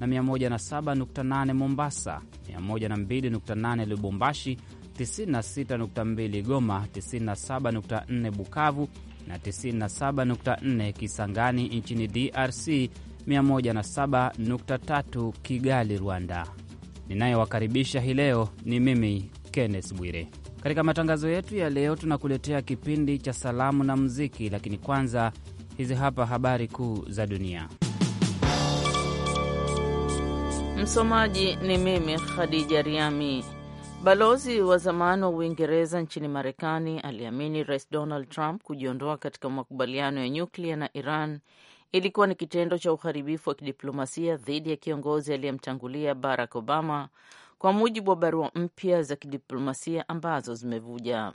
na 107.8 Mombasa, 102.8 Lubumbashi, 96.2 Goma, 97.4 Bukavu na 97.4 Kisangani nchini DRC, 107.3 Kigali, Rwanda. Ninayowakaribisha hii leo ni mimi Kenneth Bwire. Katika matangazo yetu ya leo tunakuletea kipindi cha salamu na muziki, lakini kwanza hizi hapa habari kuu za dunia. Msomaji ni mimi Khadija Riami. Balozi wa zamani wa Uingereza nchini Marekani aliamini Rais Donald Trump kujiondoa katika makubaliano ya nyuklia na Iran ilikuwa ni kitendo cha uharibifu wa kidiplomasia dhidi ya kiongozi aliyemtangulia Barack Obama, kwa mujibu wa barua mpya za kidiplomasia ambazo zimevuja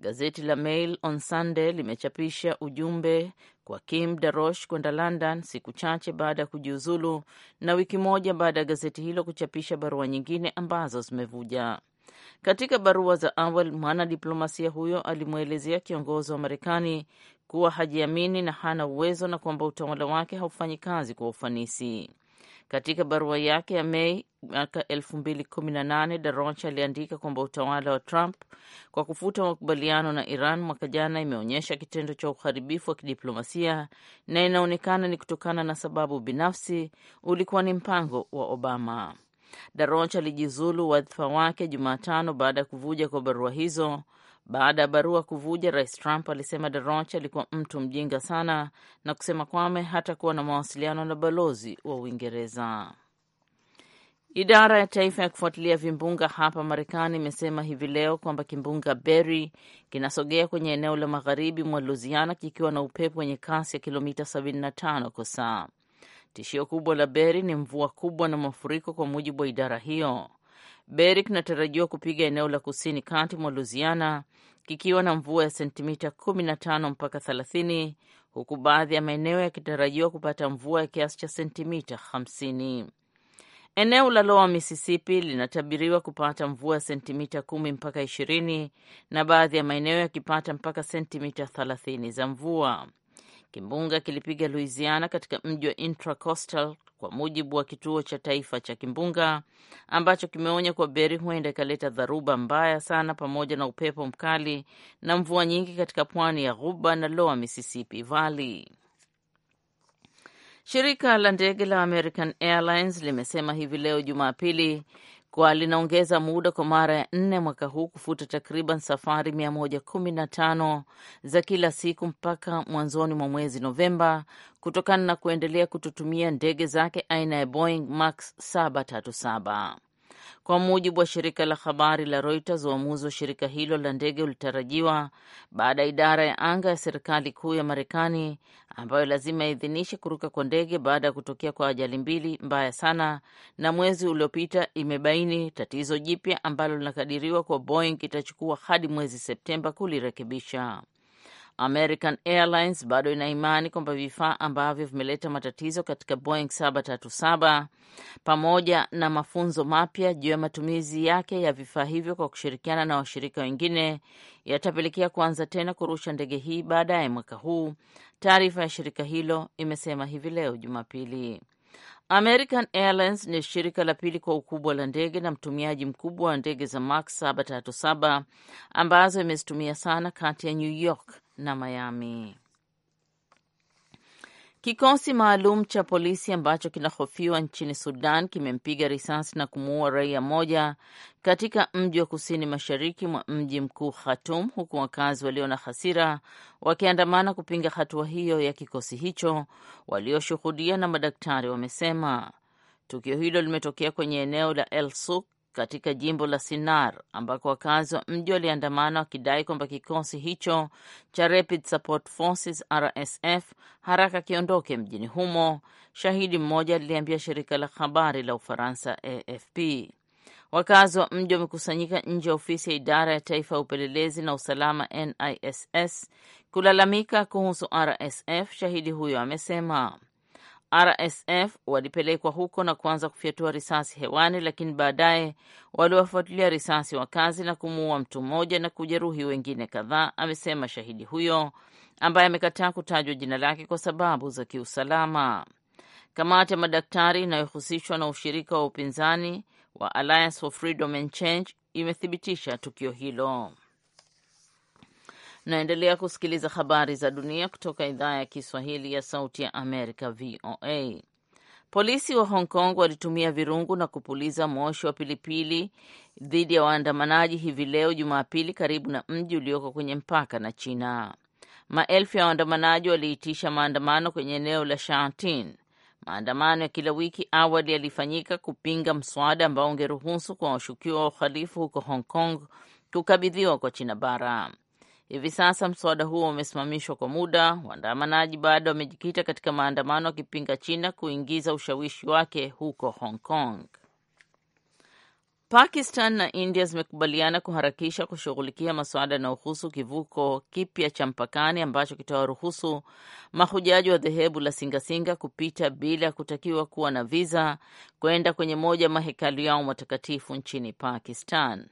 Gazeti la Mail on Sunday limechapisha ujumbe kwa Kim Darosh kwenda London siku chache baada ya kujiuzulu na wiki moja baada ya gazeti hilo kuchapisha barua nyingine ambazo zimevuja. Katika barua za awali, mwanadiplomasia huyo alimwelezea kiongozi wa Marekani kuwa hajiamini na hana uwezo na kwamba utawala wake haufanyi kazi kwa ufanisi. Katika barua yake ya Mei mwaka 2018 Daronch aliandika kwamba utawala wa Trump kwa kufuta makubaliano na Iran mwaka jana imeonyesha kitendo cha uharibifu wa kidiplomasia na inaonekana ni kutokana na sababu binafsi, ulikuwa ni mpango wa Obama. Daronch alijizulu wadhifa wake Jumatano baada ya kuvuja kwa barua hizo baada ya barua kuvuja, rais Trump alisema de alikuwa mtu mjinga sana na kusema kwame hata kuwa na mawasiliano na balozi wa Uingereza. Idara ya taifa ya kufuatilia vimbunga hapa Marekani imesema hivi leo kwamba kimbunga beri kinasogea kwenye eneo la magharibi mwa Louisiana kikiwa na upepo wenye kasi ya kilomita 75 kwa saa. Tishio kubwa la beri ni mvua kubwa na mafuriko, kwa mujibu wa idara hiyo. Beri natarajiwa kupiga eneo la kusini kati mwa Louisiana kikiwa na mvua ya sentimita 15 mpaka 30 huku baadhi ya maeneo yakitarajiwa kupata mvua ya kiasi cha sentimita 50. Eneo la Lower Mississippi linatabiriwa kupata mvua ya sentimita 10 mpaka 20 na baadhi ya maeneo yakipata mpaka sentimita 30 za mvua. Kimbunga kilipiga Louisiana katika mji wa Intracoastal kwa mujibu wa kituo cha taifa cha kimbunga ambacho kimeonya kuwa Beri huenda ikaleta dharuba mbaya sana pamoja na upepo mkali na mvua nyingi katika pwani ya Ghuba na Lower Mississippi Valley. Shirika la ndege la American Airlines limesema hivi leo Jumapili kwa linaongeza muda kwa mara ya nne mwaka huu kufuta takriban safari 115 za kila siku mpaka mwanzoni mwa mwezi Novemba kutokana na kuendelea kutotumia ndege zake aina ya Boeing Max 737. Kwa mujibu wa shirika la habari la Reuters, uamuzi wa shirika hilo la ndege ulitarajiwa baada ya idara ya anga ya serikali kuu ya Marekani ambayo lazima iidhinishe kuruka kwa ndege baada ya kutokea kwa ajali mbili mbaya sana, na mwezi uliopita imebaini tatizo jipya ambalo linakadiriwa kwa Boeing itachukua hadi mwezi Septemba kulirekebisha. American Airlines bado ina imani kwamba vifaa ambavyo vimeleta matatizo katika Boeing 737 pamoja na mafunzo mapya juu ya matumizi yake ya vifaa hivyo kwa kushirikiana na washirika wengine yatapelekea kuanza tena kurusha ndege hii baadaye mwaka huu, taarifa ya shirika hilo imesema hivi leo Jumapili. American Airlines ni shirika la pili kwa ukubwa la ndege na mtumiaji mkubwa wa ndege za Max 737 ambazo imezitumia sana kati ya New York na Miami. Kikosi maalum cha polisi ambacho kinahofiwa nchini Sudan kimempiga risasi na kumuua raia moja katika mji wa kusini mashariki mwa mji mkuu Khartoum, huku wakazi walio na hasira wakiandamana kupinga hatua hiyo ya kikosi hicho. Walioshuhudia na madaktari wamesema tukio hilo limetokea kwenye eneo la El Suk katika jimbo la Sinar ambako wakazi wa mji waliandamana wakidai kwamba kikosi hicho cha Rapid Support Forces RSF haraka kiondoke mjini humo. Shahidi mmoja aliliambia shirika la habari la Ufaransa AFP. Wakazi wa mji wamekusanyika nje ya ofisi ya idara ya taifa ya upelelezi na usalama NISS kulalamika kuhusu RSF, shahidi huyo amesema. RSF walipelekwa huko na kuanza kufyatua risasi hewani, lakini baadaye waliwafuatilia risasi wakazi na kumuua mtu mmoja na kujeruhi wengine kadhaa, amesema shahidi huyo ambaye amekataa kutajwa jina lake kwa sababu za kiusalama. Kamati ya madaktari inayohusishwa na ushirika wa upinzani wa Alliance for Freedom and Change imethibitisha tukio hilo naendelea kusikiliza habari za dunia kutoka idhaa ya Kiswahili ya Sauti ya Amerika, VOA. Polisi wa Hong Kong walitumia virungu na kupuliza moshi wa pilipili dhidi ya waandamanaji hivi leo Jumapili, karibu na mji ulioko kwenye mpaka na China. Maelfu ya waandamanaji waliitisha maandamano kwenye eneo la Shantin. Maandamano ya kila wiki awali yalifanyika kupinga mswada ambao ungeruhusu kwa washukiwa wa uhalifu huko Hong Kong kukabidhiwa kwa China bara. Hivi sasa mswada huo umesimamishwa kwa muda. Waandamanaji bado wamejikita katika maandamano wakipinga China kuingiza ushawishi wake huko Hong Kong. Pakistan na India zimekubaliana kuharakisha kushughulikia masuala yanayohusu kivuko kipya cha mpakani ambacho kitawaruhusu mahujaji wa dhehebu la Singasinga kupita bila ya kutakiwa kuwa na viza kwenda kwenye moja mahekalu yao matakatifu nchini Pakistan.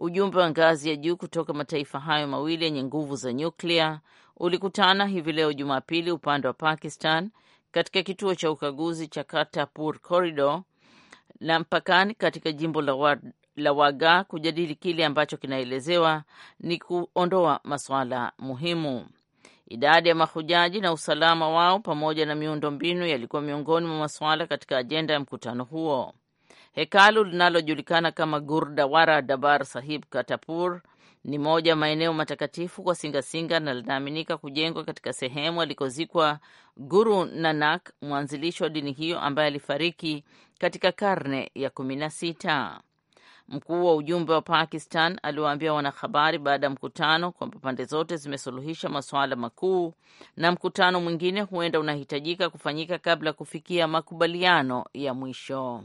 Ujumbe wa ngazi ya juu kutoka mataifa hayo mawili yenye nguvu za nyuklia ulikutana hivi leo Jumapili upande wa Pakistan katika kituo cha ukaguzi cha katapur Corridor na mpakani katika jimbo la War la Waga kujadili kile ambacho kinaelezewa ni kuondoa masuala muhimu. Idadi ya mahujaji na usalama wao pamoja na miundo mbinu yalikuwa miongoni mwa masuala katika ajenda ya mkutano huo. Hekalu linalojulikana kama Gurdawara Dabar Sahib Katapur ni moja maeneo matakatifu kwa Singasinga na linaaminika kujengwa katika sehemu alikozikwa Guru Nanak, mwanzilishi wa dini hiyo ambaye alifariki katika karne ya kumi na sita. Mkuu wa ujumbe wa Pakistan aliwaambia wanahabari baada ya mkutano kwamba pande zote zimesuluhisha masuala makuu na mkutano mwingine huenda unahitajika kufanyika kabla ya kufikia makubaliano ya mwisho.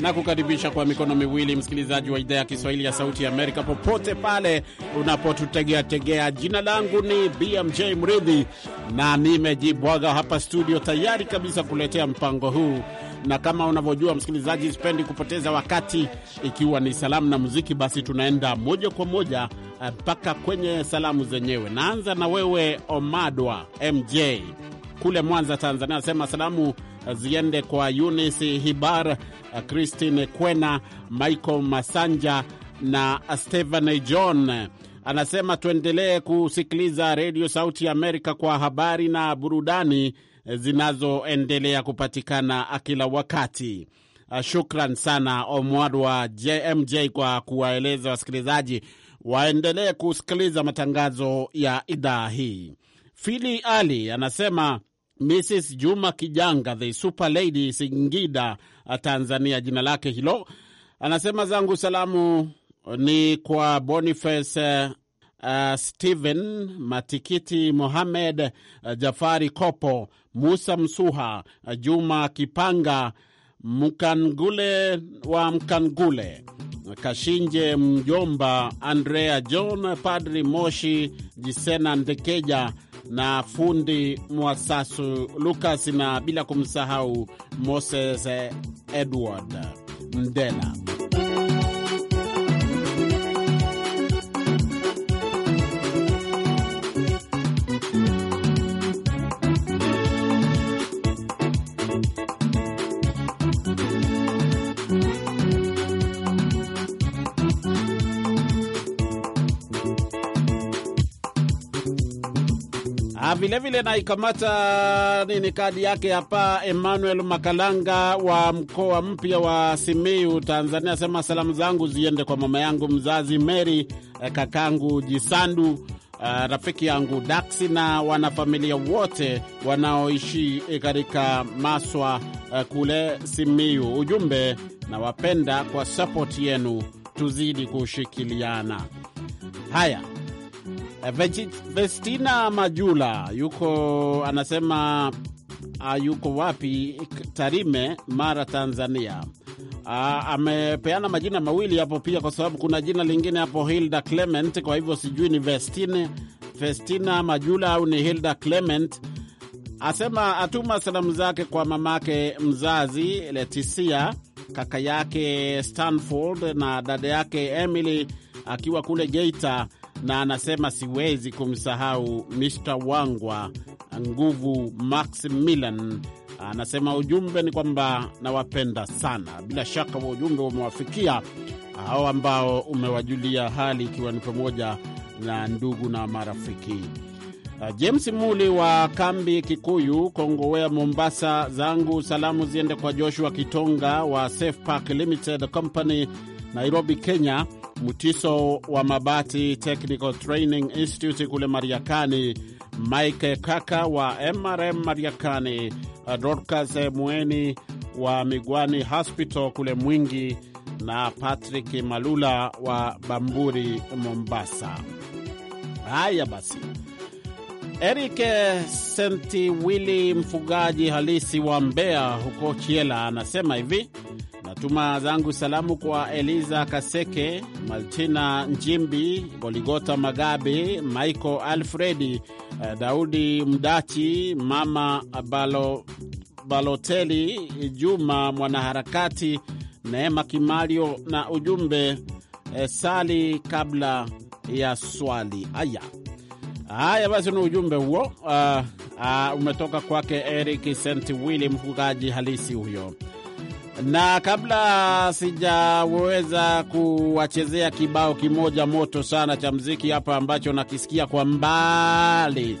na kukaribisha kwa mikono miwili msikilizaji wa idhaa ya Kiswahili ya Sauti ya Amerika popote pale unapotutegeategea. Jina langu ni BMJ Mridhi na nimejibwaga hapa studio tayari kabisa kuletea mpango huu na kama unavyojua msikilizaji, sipendi kupoteza wakati. Ikiwa ni salamu na muziki, basi tunaenda moja kwa moja eh, mpaka kwenye salamu zenyewe. Naanza na wewe Omadwa MJ kule Mwanza, Tanzania, asema salamu ziende kwa Eunice Hibar, Christine Kwena, Michael Masanja na Stephanie John. Anasema tuendelee kusikiliza redio Sauti ya Amerika kwa habari na burudani zinazoendelea kupatikana kila wakati. Ah, shukran sana Omwad wa JMJ kwa kuwaeleza wasikilizaji waendelee kusikiliza matangazo ya idhaa hii. Fili Ali anasema Mrs Juma Kijanga, the super lady, Singida, uh, Tanzania, jina lake hilo. Anasema zangu salamu ni kwa Boniface uh, uh Stephen Matikiti, Mohamed uh, Jafari Kopo, Musa Msuha, uh, Juma Kipanga, Mkangule wa Mkangule, Kashinje Mjomba, Andrea John, Padri Moshi, Jisena Ndekeja na fundi Mwasasu lukas na bila kumsahau Moses Edward Mdela. vilevile naikamata nini kadi yake hapa. Emmanuel Makalanga wa mkoa mpya wa Simiu, Tanzania, asema salamu zangu ziende kwa mama yangu mzazi Mary, eh, kakangu Jisandu, Uh, rafiki yangu Daksi na wanafamilia wote wanaoishi eh, katika Maswa uh, kule Simiu. Ujumbe, nawapenda kwa sapoti yenu, tuzidi kushikiliana. Haya. Eh, Vestina Majula yuko anasema ah, yuko wapi? Tarime, Mara, Tanzania. Uh, amepeana majina mawili hapo pia, kwa sababu kuna jina lingine hapo Hilda Clement. Kwa hivyo sijui ni Vestine, Festina Majula au ni Hilda Clement. Asema atuma salamu zake kwa mamake mzazi Leticia, kaka yake Stanford na dada yake Emily akiwa kule Geita na anasema siwezi kumsahau Mr Wangwa Nguvu max milan Anasema ujumbe ni kwamba nawapenda sana. Bila shaka wa ujumbe umewafikia hao ambao umewajulia hali, ikiwa ni pamoja na ndugu na marafiki. Uh, James Muli wa kambi Kikuyu Kongowea, Mombasa, zangu salamu ziende kwa Joshua Kitonga wa Safe Park Limited Company, Nairobi, Kenya. Mutiso wa Mabati Technical Training Institute kule Mariakani, Mike Kaka wa MRM Mariakani, Dorcas Mweni wa Migwani Hospital kule Mwingi na Patrick Malula wa Bamburi Mombasa. Haya basi, Eric Sentiwili mfugaji halisi wa Mbeya huko Chiela anasema hivi: Natuma zangu salamu kwa Eliza Kaseke, Maltina Njimbi, Goligota magabi Michael Alfredi, eh, Daudi Mdachi, Mama Balo, Baloteli, Juma Mwanaharakati, Neema Kimario na ujumbe e, sali kabla ya swali. aya haya, basi ni ujumbe huo uh, uh, umetoka kwake Eric st Willi, mfugaji halisi huyo na kabla sijaweza kuwachezea kibao kimoja moto sana cha mziki hapa ambacho nakisikia kwa mbali,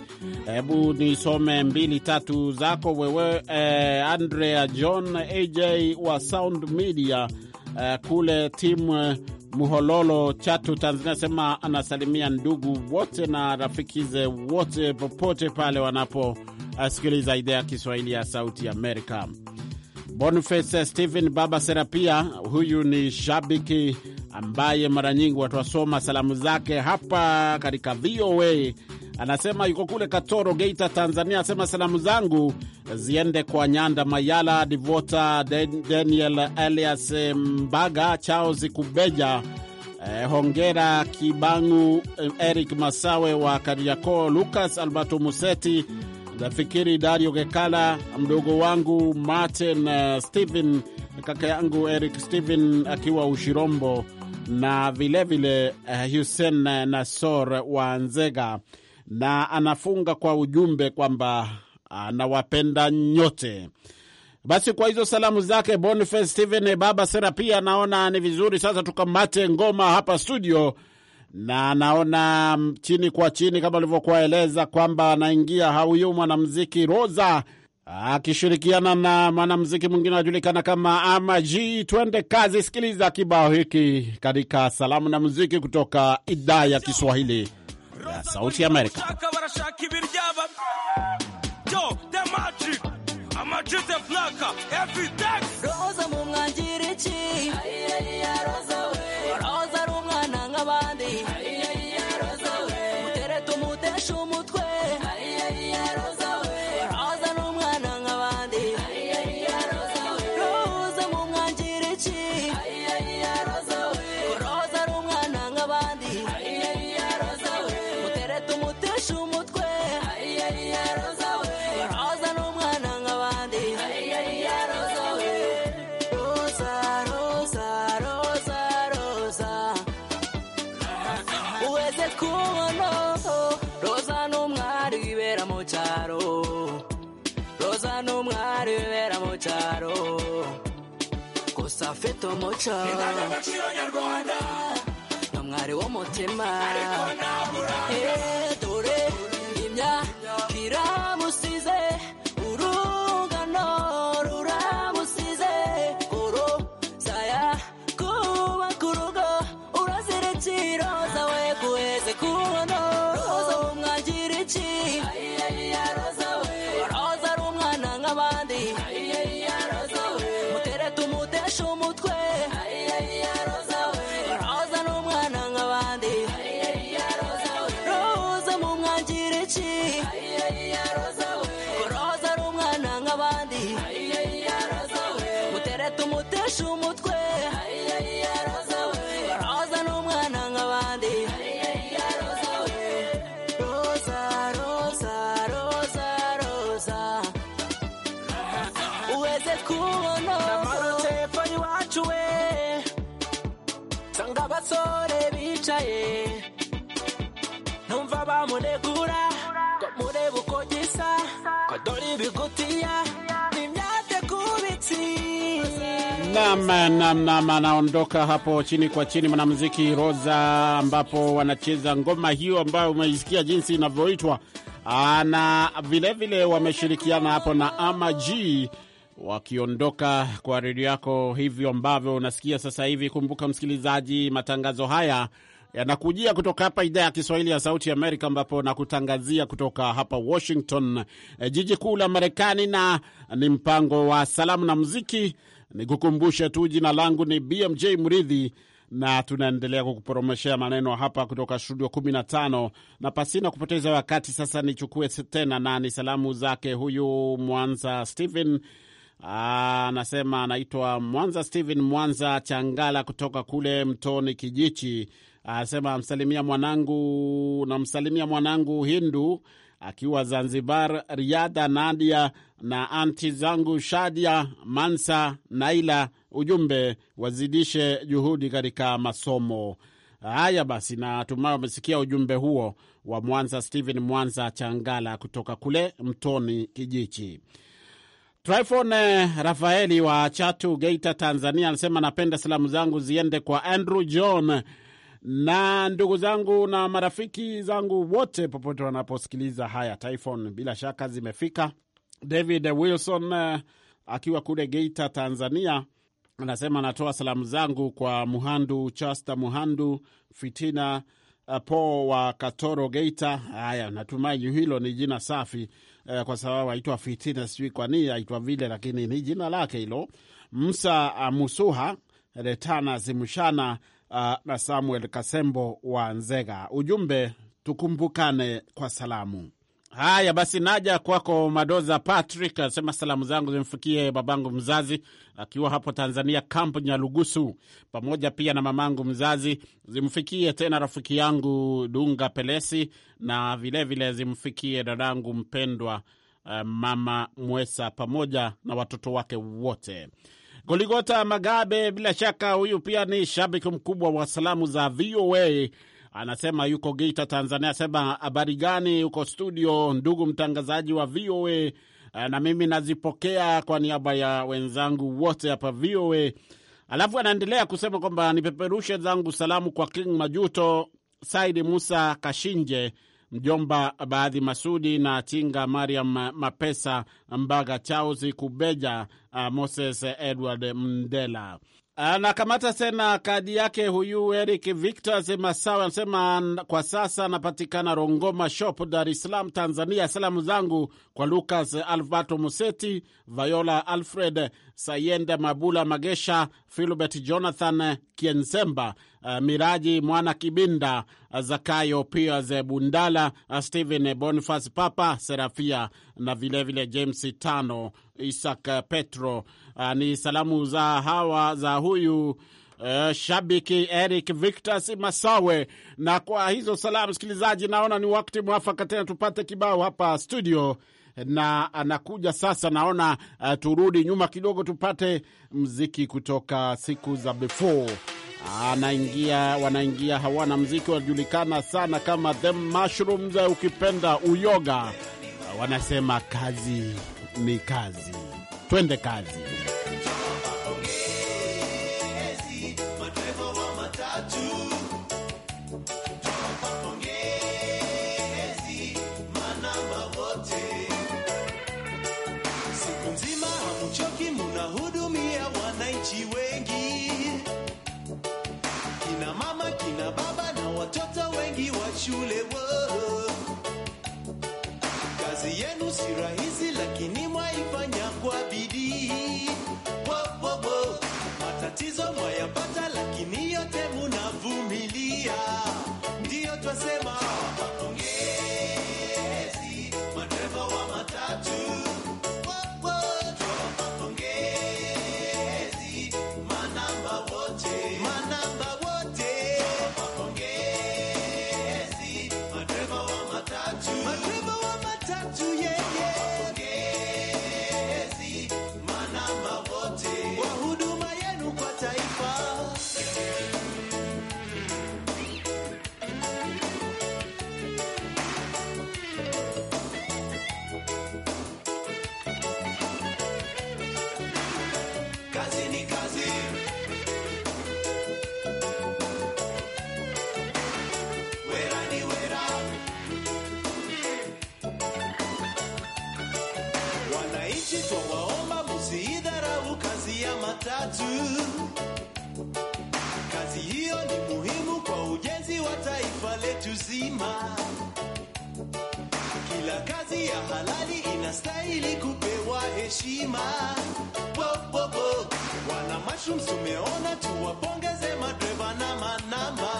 hebu nisome mbili tatu zako wewe eh, Andrea John AJ wa Sound Media eh, kule timu Muhololo Chatu, Tanzania, sema anasalimia ndugu wote na rafikize wote popote pale wanaposikiliza eh, idhaa ya Kiswahili ya Sauti Amerika. Boniface Stephen Baba Serapia, huyu ni shabiki ambaye mara nyingi watuwasoma salamu zake hapa katika VOA. Anasema yuko kule Katoro, Geita, Tanzania. Anasema salamu zangu ziende kwa Nyanda Mayala, Divota Daniel, Elias Mbaga, Charles Kubeja, eh, hongera Kibangu, eh, Eric Masawe wa Kariakoo, Lucas Alberto Museti nafikiri Dario Gekala, mdogo wangu Martin uh, Stephen, kaka yangu Eric Stephen akiwa Ushirombo, na vilevile vile, uh, Hussein uh, Nasor wa Nzega, na anafunga kwa ujumbe kwamba anawapenda uh, nyote. Basi kwa hizo salamu zake Boniface Stephen, baba Serapia, naona ni vizuri sasa tukamate ngoma hapa studio na naona chini kwa chini kama alivyokuwaeleza kwamba anaingia huyu mwanamziki Roza akishirikiana na mwanamziki mwingine anajulikana kama Ama Twende kazi, sikiliza kibao hiki katika salamu na muziki kutoka idhaa ya Kiswahili ya Sauti ya Amerika. umuco intangagaciro eh, nyarwanda namwari w'umutima ariko nabura telefone Nam, anaondoka hapo chini kwa chini mwanamuziki Roza, ambapo wanacheza ngoma hiyo ambayo umeisikia jinsi inavyoitwa, na vilevile wameshirikiana hapo na Ama G wakiondoka kwa redio yako hivyo ambavyo unasikia sasa hivi. Kumbuka msikilizaji, matangazo haya yanakujia kutoka hapa idhaa ya Kiswahili ya Sauti Amerika, ambapo nakutangazia kutoka hapa Washington, eh, jiji kuu la Marekani, na ni mpango wa salamu na muziki. Nikukumbushe tu jina langu ni BMJ Mridhi na tunaendelea kukuporomeshea maneno hapa kutoka studio 15 na pasina kupoteza wakati, sasa nichukue tena na ni salamu zake huyu Mwanza Stephen Ah, anasema anaitwa Mwanza Steven Mwanza Changala kutoka kule Mtoni Kijichi. Anasema amsalimia mwanangu, namsalimia mwanangu Hindu akiwa Zanzibar, Riadha Nadia na anti zangu Shadia Mansa Naila. Ujumbe wazidishe juhudi katika masomo haya. Basi natumai wamesikia ujumbe huo wa Mwanza Steven Mwanza Changala kutoka kule Mtoni Kijichi. Tryphon eh, Rafaeli wa Chatu, Geita, Tanzania, anasema napenda salamu zangu ziende kwa Andrew John na ndugu zangu na marafiki zangu wote popote wanaposikiliza haya. Typhon, bila shaka zimefika. David Wilson eh, akiwa kule Geita, Tanzania, anasema anatoa salamu zangu kwa Muhandu Chasta, Muhandu Fitina Po wa Katoro Geita. Haya, natumai hilo ni jina safi eh, kwa sababu aitwa Fitina, sijui kwa nini aitwa vile, lakini ni jina lake hilo. Musa Musuha Retana Zimushana uh, na Samuel Kasembo wa Nzega. Ujumbe tukumbukane kwa salamu. Haya basi, naja kwako Madoza Patrick, asema salamu zangu zimfikie babangu mzazi akiwa hapo Tanzania, kampu Nyalugusu, pamoja pia na mamangu mzazi. Zimfikie tena rafiki yangu Dunga Pelesi, na vilevile vile zimfikie dadangu mpendwa eh, mama Mwesa pamoja na watoto wake wote. Goligota Magabe, bila shaka huyu pia ni shabiki mkubwa wa salamu za VOA anasema yuko Geita, Tanzania. Asema habari gani uko studio, ndugu mtangazaji wa VOA, eh, na mimi nazipokea kwa niaba ya wenzangu wote hapa VOA. Alafu anaendelea kusema kwamba nipeperushe zangu salamu kwa King Majuto, Saidi Musa Kashinje, mjomba Baadhi Masudi na Tinga Mariam Mapesa Mbaga Chausi Kubeja eh, Moses Edward Mndela Anakamata tena kadi yake huyu Eric Victor Masawe, anasema kwa sasa anapatikana Rongoma Shop, Dar es Salaam, Tanzania. Salamu zangu kwa Lucas Alvato Museti, Viola Alfred sayende Mabula Magesha, Filbert Jonathan Kiensemba Uh, Miraji Mwana Kibinda, uh, Zakayo Piaz Bundala, uh, Stephen bonifas Papa Serafia na vilevile vile James Tano, Isak Petro. ni salamu za hawa za huyu Uh, shabiki Eric Victor Masawe. Na kwa hizo salamu, msikilizaji, naona ni wakati mwafaka tena tupate kibao hapa studio, na anakuja sasa. Naona uh, turudi nyuma kidogo tupate mziki kutoka siku za before anaingia wanaingia hawana mziki wanajulikana sana kama the mushrooms, ukipenda uyoga. Wanasema kazi ni kazi, twende kazi. rahisi, lakini mwaifanya kwa bidii. Matatizo mwayapata Kila kazi ya halali inastahili kupewa heshima. Bo, bo, bo. Wana mashroom tumeona, tuwapongeze madreva na manamba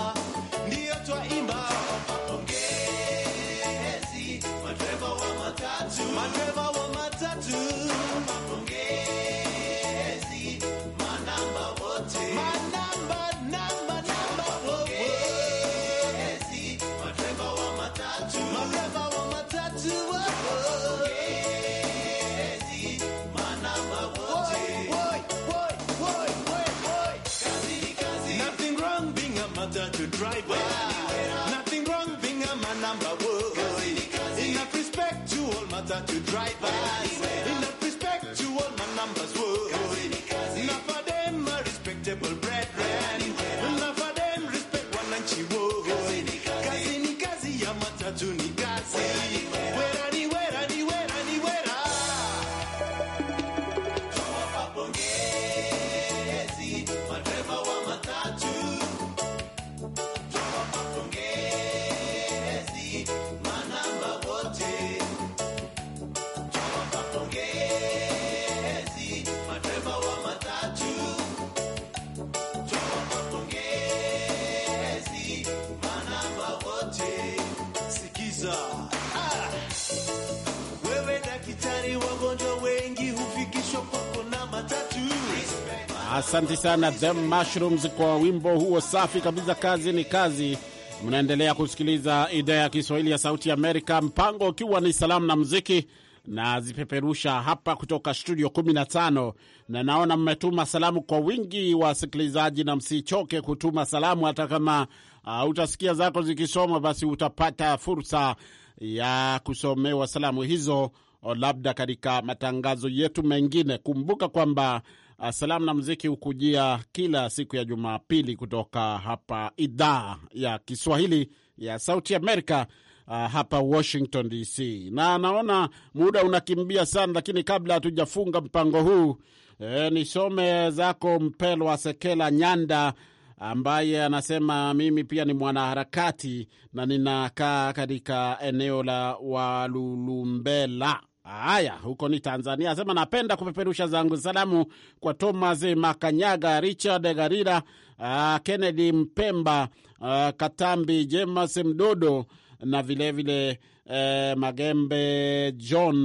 Asanti sana The Mushrooms kwa wimbo huo safi kabisa, kazi ni kazi. Mnaendelea kusikiliza idhaa ya Kiswahili ya Sauti Amerika, mpango ukiwa ni salamu na muziki na zipeperusha hapa kutoka studio 15 na naona mmetuma salamu kwa wingi wasikilizaji, na msichoke kutuma salamu. Hata kama uh, utasikia zako zikisoma, basi utapata fursa ya kusomewa salamu hizo, labda katika matangazo yetu mengine. Kumbuka kwamba Ah, salamu na muziki hukujia kila siku ya Jumapili kutoka hapa idhaa ya Kiswahili ya Sauti Amerika, uh, hapa Washington DC. Na naona muda unakimbia sana, lakini kabla hatujafunga mpango huu eh, nisome zako Mpelwa Sekela Nyanda ambaye anasema mimi pia ni mwanaharakati na ninakaa katika eneo la Walulumbela Haya, huko ni Tanzania, asema napenda kupeperusha zangu salamu kwa Thomas Makanyaga, Richard Garira, uh, Kennedy Mpemba, uh, Katambi James Mdodo na vilevile vile, uh, Magembe John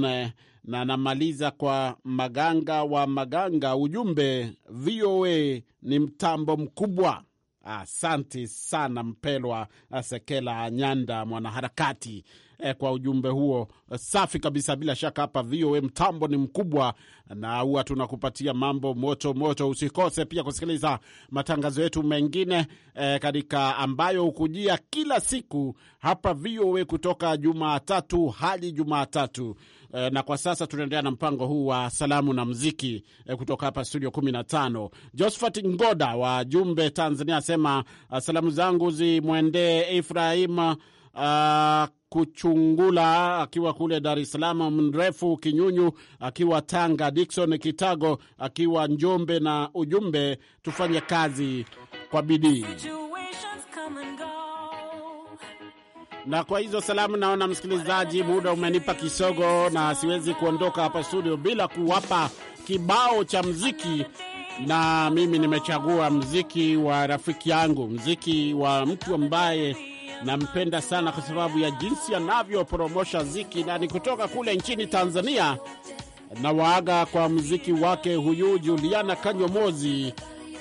na namaliza kwa Maganga wa Maganga. Ujumbe VOA ni mtambo mkubwa. Asante sana Mpelwa Sekela Nyanda, mwanaharakati eh, kwa ujumbe huo safi kabisa. Bila shaka hapa VOA mtambo ni mkubwa na huwa tunakupatia mambo moto moto. Usikose pia kusikiliza matangazo yetu mengine eh, katika ambayo hukujia kila siku hapa VOA kutoka Jumatatu hadi Jumatatu eh, na kwa sasa tunaendelea na mpango huu wa salamu na mziki eh, kutoka hapa studio 15. Josephat Ngoda wa Jumbe, Tanzania, asema ah, salamu zangu zimwendee Ibrahim uh, Kuchungula akiwa kule Dar es Salaam, Mrefu Kinyunyu akiwa Tanga, Dikson Kitago akiwa Njombe, na ujumbe tufanye kazi kwa bidii. Na kwa hizo salamu, naona msikilizaji, muda umenipa kisogo, na siwezi kuondoka hapa studio bila kuwapa kibao cha mziki na mimi nimechagua mziki wa rafiki yangu, mziki wa mtu ambaye nampenda sana kwa sababu ya jinsi anavyoporomosha ziki na ni kutoka kule nchini Tanzania. Na waaga kwa muziki wake huyu Juliana Kanyomozi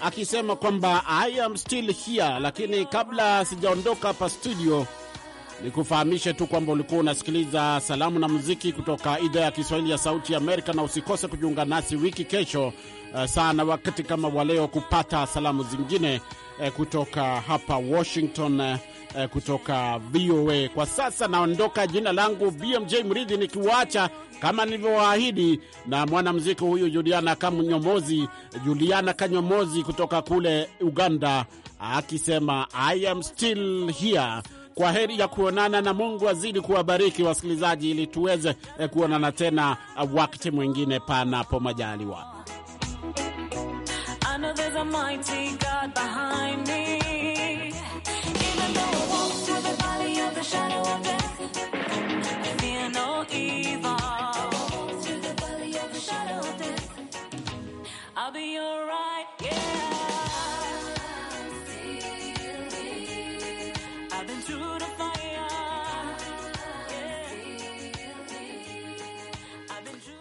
akisema kwamba I am still here. Lakini kabla sijaondoka hapa studio, nikufahamishe tu kwamba ulikuwa unasikiliza salamu na muziki kutoka idhaa ya Kiswahili ya Sauti Amerika, na usikose kujiunga nasi wiki kesho eh, sana wakati kama waleo kupata salamu zingine eh, kutoka hapa Washington eh, eh, kutoka VOA. Kwa sasa naondoka, jina langu BMJ Mridhi, nikiwaacha kama nilivyowaahidi na mwanamuziki huyu Juliana Kanyomozi, Juliana Kanyomozi kutoka kule Uganda, akisema I am still here. Kwa heri ya kuonana na Mungu azidi kuwabariki wasikilizaji, ili tuweze eh, kuonana tena eh, wakati mwingine, panapo majaliwa.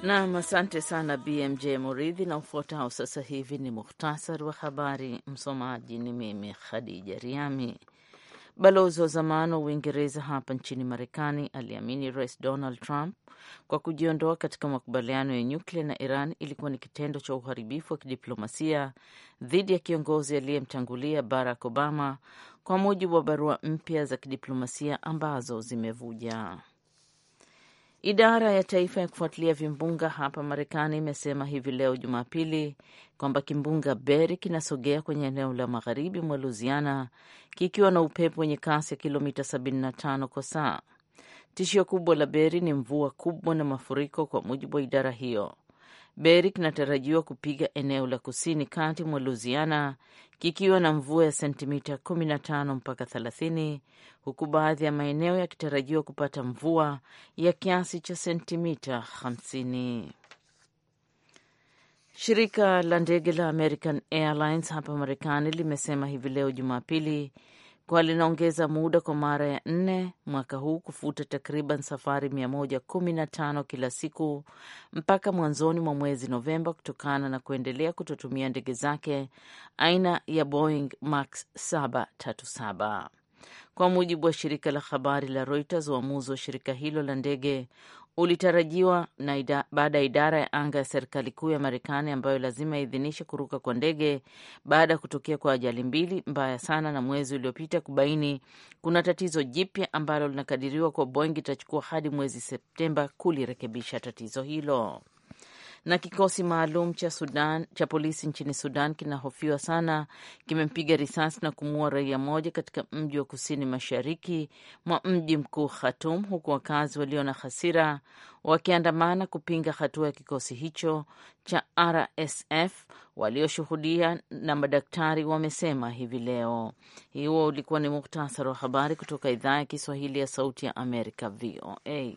Nam, asante sana BMJ Muridhi. Na ufuatao sasa hivi ni muhtasari wa habari. Msomaji ni mimi Khadija Riami. Balozi wa zamani wa Uingereza hapa nchini Marekani aliamini Rais Donald Trump kwa kujiondoa katika makubaliano ya nyuklia na Iran ilikuwa ni kitendo cha uharibifu wa kidiplomasia dhidi ya kiongozi aliyemtangulia Barack Obama, kwa mujibu wa barua mpya za kidiplomasia ambazo zimevuja. Idara ya taifa ya kufuatilia vimbunga hapa Marekani imesema hivi leo Jumapili kwamba kimbunga Beri kinasogea kwenye eneo la magharibi mwa luziana kikiwa na upepo wenye kasi ya kilomita 75 kwa saa. Tishio kubwa la Beri ni mvua kubwa na mafuriko, kwa mujibu wa idara hiyo beri inatarajiwa kupiga eneo la kusini kati mwa Louisiana kikiwa na mvua ya sentimita 15 mpaka 30 huku baadhi ya maeneo yakitarajiwa kupata mvua ya kiasi cha sentimita 50. Shirika la ndege la American Airlines hapa Marekani limesema hivi leo Jumapili kwa linaongeza muda kwa mara ya nne mwaka huu kufuta takriban safari 115 kila siku mpaka mwanzoni mwa mwezi Novemba kutokana na kuendelea kutotumia ndege zake aina ya Boeing Max 737. Kwa mujibu wa shirika la habari la Reuters, uamuzi wa shirika hilo la ndege ulitarajiwa na ida, baada ya idara ya anga ya serikali kuu ya Marekani ambayo lazima iidhinishe kuruka kwa ndege baada ya kutokea kwa ajali mbili mbaya sana na mwezi uliopita kubaini kuna tatizo jipya ambalo linakadiriwa kwa Boeing itachukua hadi mwezi Septemba kulirekebisha tatizo hilo. Na kikosi maalum cha Sudan cha polisi nchini Sudan kinahofiwa sana kimempiga risasi na kumuua raia moja katika mji wa kusini mashariki mwa mji mkuu Khartoum, huku wakazi walio na hasira wakiandamana kupinga hatua ya kikosi hicho cha RSF. Walioshuhudia na madaktari wamesema hivi leo. Huo ulikuwa ni muktasari wa habari kutoka idhaa ya Kiswahili ya Sauti ya Amerika, VOA.